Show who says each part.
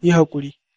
Speaker 1: yi haƙuri